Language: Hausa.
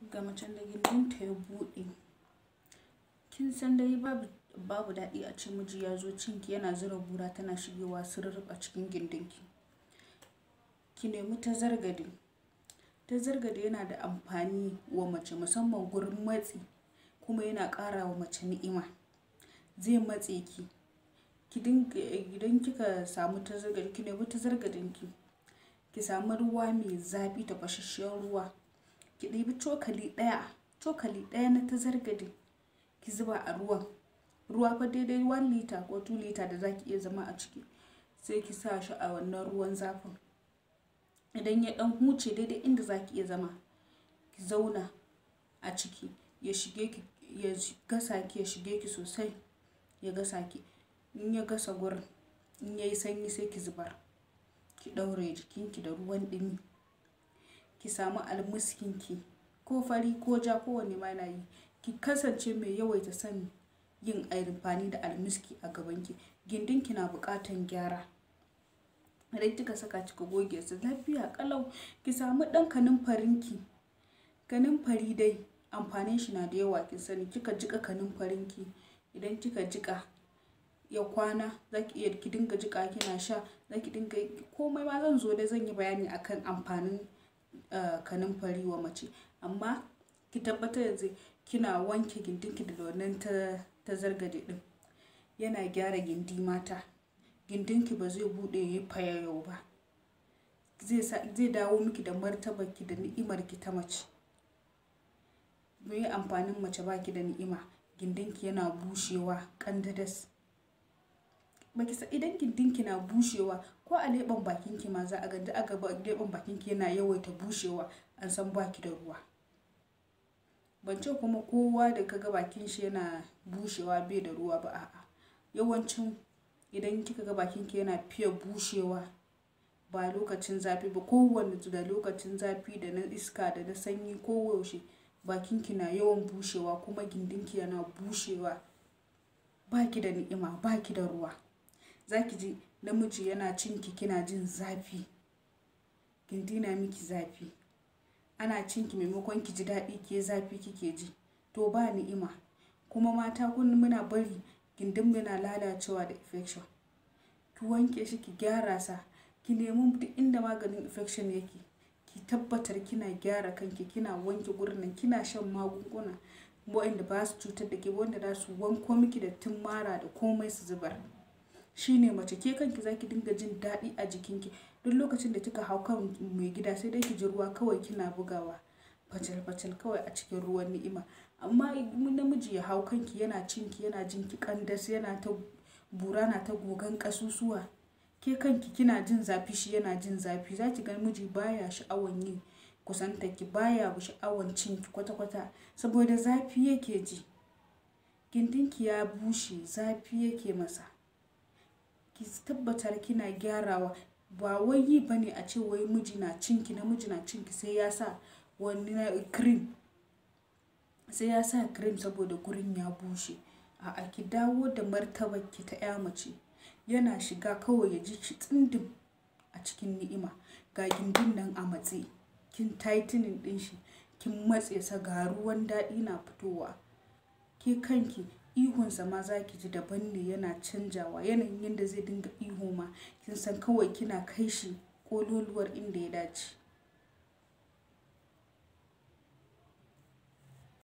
ga macen da gindinta ya buɗe kin san dai babu babu daɗi a ce miji ya zo cinki yana zura bura tana shigewa sirrif a cikin gindinki ki nemi ta zargade ta zargade yana da amfani wa mace musamman gurin matsi kuma yana kara wa mace ni'ima zai matse ki idan kika samu ta zargade ki nemi ta ki ki samu ruwa mai zafi tafashasshiyar ruwa ki ɗibi cokali ɗaya cokali ɗaya na tazargade ki zuba a ruwan ruwa fa daidai 1 litre ko 2 litre da zaki iya zama a ciki sai ki sa shi a wannan ruwan zafin idan ya ɗan huce daidai inda zaki iya zama ki zauna a ciki ya shige ki ya gasa ki ya shige ki sosai ya gasa ki in ya gasa gurin in yayi sanyi sai ki zubar ki ɗaure jikinki da ruwan ɗumi ki samu almuskinki ko fari ko ja wani ma yana yi ki kasance mai yawaita sani yin amfani da almuski a gabanki gindinki na bukatan gyara idan kika saka kika goge su lafiya kalau ki samu ɗan kanin farinki kanin fari dai amfanin shi na da yawa kin sani kika jika kanin farinki idan kika jika ya kwana za ki iya ki dinga jika kina sha za ki dinga komai ma zan zo dai zan yi bayani akan amfanin Eh, kanumfari wa mace amma ki tabbatar yanzu kina wanke gindinki da wannan ta ta zargade din yana gyara gindi mata gindinki ba zai bude yi fayayau ba zai dawo miki da martabarki da ni'imarki ta mace me amfanin mace baki da ni'ima gindinki yana bushewa kandadas baki sa idan gindinki na bushewa ko a leɓen ki ma za a ga a gaba leɓen ki yana yawaita bushewa an san baki da ruwa ban ce kuma kowa da kaga bakin shi yana bushewa bai da ruwa ba a'a yawancin idan kika ga bakin ki yana fiye bushewa ba lokacin zafi ba kowanne da lokacin zafi da na iska da na sanyi bakin ki na yawan bushewa kuma gindinki yana bushewa baki da ni'ima baki da ruwa zaki ji namiji yana cinki kina jin zafi dina miki zafi ana cinki maimakon ki ji daɗi ke zafi kike ji to ba ni'ima kuma mata kun muna bari gindin muna lalacewa da infection ki wanke shi ki gyara sa ki nemi duk inda maganin infection yake ki tabbatar kina gyara kanki kina wanke gurin nan kina shan magunguna waɗanda ba su cutar da ke wanda za su wanko miki da tun mara da komai su zubar shine mace ke kanki zaki dinga jin daɗi a jikinki duk lokacin da kika hau kan mai gida sai dai ki ji ruwa kawai kina bugawa facal facal kawai a cikin ruwan ni'ima amma namiji ya hau kanki yana cinki yana jinki kandas yana ta bura ta gogan kasusuwa ke kanki kina jin zafi shi yana jin zafi zaki ga miji baya sha'awan yin kusantarki baya sha'awan cinki kwata-kwata saboda zafi yake ji gindinki ya bushe zafi yake masa ki tabbatar kina gyarawa ba wai yi bane a ce wai miji na cinki miji na cinki sai ya sa wani cream sai ya sa cream saboda gurin ya bushe a'a ki dawo da martabar ki ta ya mace yana shiga kawai ya ji shi tsindim a cikin ni'ima ga gindin nan a matse kin tightening din shi kin matse sa ga ruwan daɗi na fitowa ki kanki ihunsa ma za ki ji daban ne yana canjawa yanayin yadda zai dinga ihu ma kin san kawai kina kai shi kololuwar inda ya dace